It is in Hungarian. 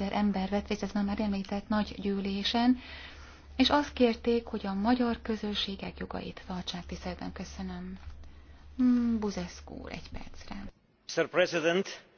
ezer ember vett részt ezen a már említett nagy gyűlésen, és azt kérték, hogy a magyar közösségek jogait tartsák tiszteletben. Köszönöm. Hmm, Buzeszkó egy percre. President,